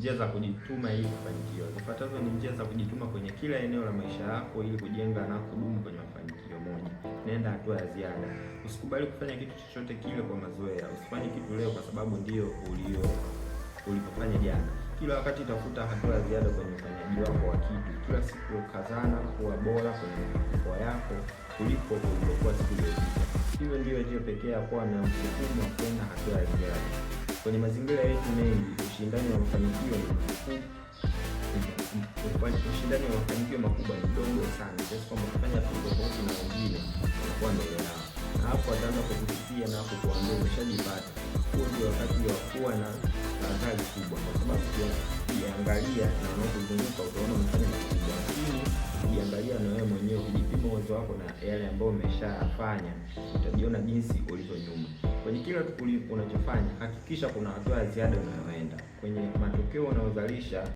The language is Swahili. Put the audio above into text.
njia za kujituma ili kufanikiwa. Zifuatazo ni njia za kujituma kwenye kila eneo la maisha yako ili kujenga na kudumu kwenye mafanikio. Moja, nenda hatua ya ziada. Usikubali kufanya kitu chochote kile kwa mazoea. Usifanye kitu leo kwa sababu ndio ulio ulipofanya jana. Kila wakati tafuta hatua ya ziada kwenye ufanyaji wako wa kitu. Kila siku kazana kuwa bora kwenye mafanikio yako kuliko ulivyokuwa siku iliyopita. Hiyo ndiyo njia pekee ya kuwa na msukumo wa kwenda hatua Kwenye mazingira yetu mengi, ushindani wa mafanikio ushindani wa mafanikio makubwa ni mdogo sana, kiasi kwamba kufanya tu tofauti na wengine wanakuwa mbele yao, na hapo ataanza kukusikia na kuambia umeshajipata. Huo ndio wakati wa kuwa na tahadhari kubwa, kwa sababu ukiangalia na unaozunguka utaona umefanya makubwa, lakini ukiangalia na wewe mwenyewe ukijipima uwezo wako na yale ambayo umeshafanya, utajiona jinsi ulivyo nyuma kila unachofanya hakikisha kuna hatua ya ziada unayoenda kwenye matokeo unayozalisha.